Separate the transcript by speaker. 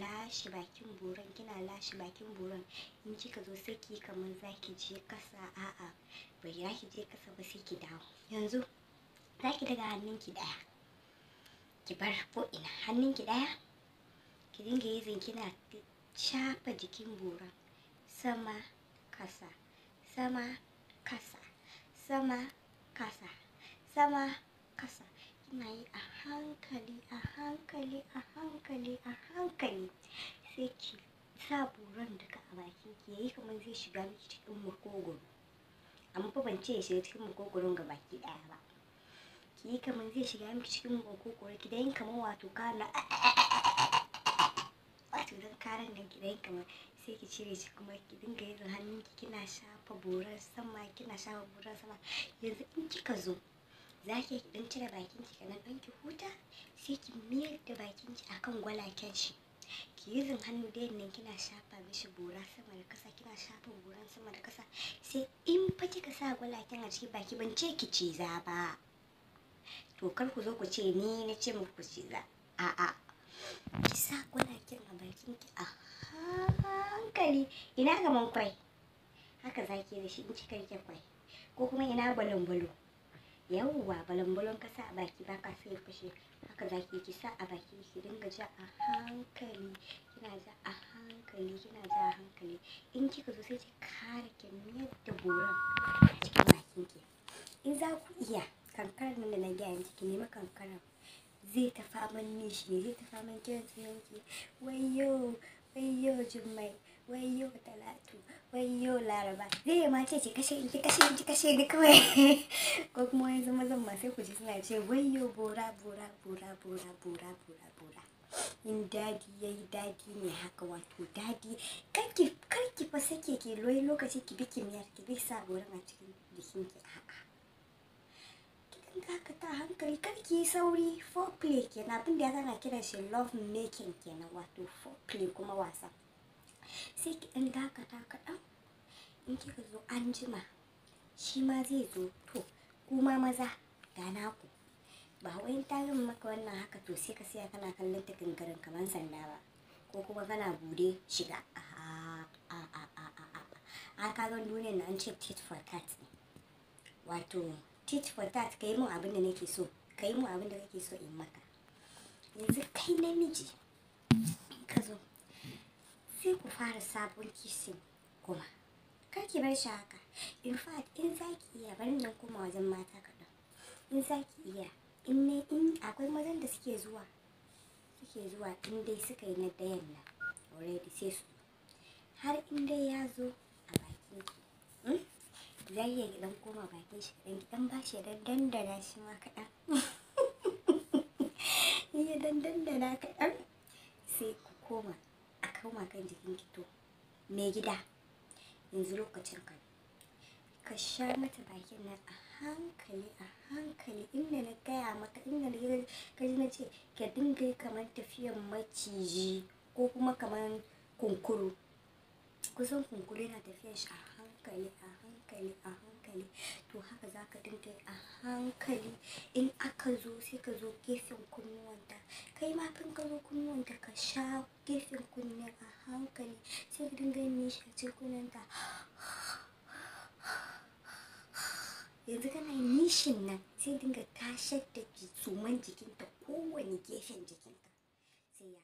Speaker 1: lashe bakin buran kina lashe bakin buran in kika zo sai ki kamar zaki je kasa a'a bai ki je kasa ba sai ki dawo yanzu zaki daga hannunki daya ki bar ko ina hannunki daya ki dinga yizin kina shafa jikin buran sama kasa sama kasa sama kasa sama kasa kina yi a hankali a hankali a hankali a hankali sai ki sa buran daga a bakin ki yayi kamar zai shiga miki cikin makogoro amma fa ban ce ya shiga cikin makogoron ga baki daya ba ki yi kamar zai shiga miki cikin makogoro ki dan kamar wato kana wato dan karan da ki dan kamar sai ki cire shi kuma ki dinga yin hannun ki kina shafa buran sama kina shafa buran sama yanzu in kika zo za ki dan cire bakin ki kanan dan ki huta sai ki miyar da bakin ki akan gwalaken shi yuzin hannu da yadda kina shafa mishi gora sama da kasa kina shafa goran sama da kasa sai in fa kika sa gwalakin a cikin baki ban ce ki ciza ba to kar ku zo ku ce ni na ce muku ku ciza a'a ki sa gwalakin a bakin ki a hankali ina man kwai haka zaki da shi in kika rike kwai ko kuma ina balon balon yawwa balambalon kasa a baki ba so sai fashe haka zaki ki sa a baki ki dinga ja a hankali in kika zo sai ki kara ki miyar da goron kankarar nan na gaya miki ki nema kankarar zai ta faman nishi ne zai ta faman kiran sunan ki wayo wayo jummai wayo talatu laraba zai yi mace ce kashe kashe in kashe ni kawai ko kuma wani zama zan ma sai ku ji suna ce wayo bora bora bora bora bora bora bora in dadi ya yi dadi ne haka wato dadi karki karki fa sake ki loyi lokaci ki bi kimiyar ki bi sa gorin a cikin jikin ki a'a ki dinga haka ta hankali karki yi sauri foreplay kenan abin da ya sana shi love making kenan wato play kuma wasa sai ki dan dakata kaɗan in kika zo an jima shi ma zai zo to kuma maza ga naku ba wai ta yin maka wannan haka to sai ka siya kana kallon ta kankarin kamar sanda ba ko kuma kana bude shiga a a a a na an ce tit for tat ne wato tit for tat ka yi min abin da nake so ka yi min abin da kake so in maka yanzu kai namiji ka zo sai ku fara sabon kisin kuma kake bar shi haka in fact in zaki iya bar nan kuma wajen mata kaɗan in za ki iya in ne in akwai mazan da suke zuwa suke zuwa in dai suka yi na dayan nan already sai su har in dai ya zo a bakin ki hmm? zai iya dan koma bakin shi dan dan ba shi dan dandana shi ma kaɗan Ya dan dandana kaɗan sai ku koma a kauma kan jikin ki to me gida yanzu lokacin ka. ka sha mata bakin nan a hankali a hankali inda na gaya maka inda na gida ka na ce ka dinga kamar tafiyan maciji ko kuma kamar kunkuru kusan kunkuru yana tafiyan shi a hankali a hankali a hankali to haka za ka dinga yi a hankali in aka zo sai ka zo gefen kunnuwanta kai ma kan ka zo kunnuwanta ka sha gefen kunnen a hankali sai ka dinga yin nishi a cikin kunnenta yanzu kana nishin nan sai dinga kashar da tsoman jikinta kowane gefen jikinka sai ya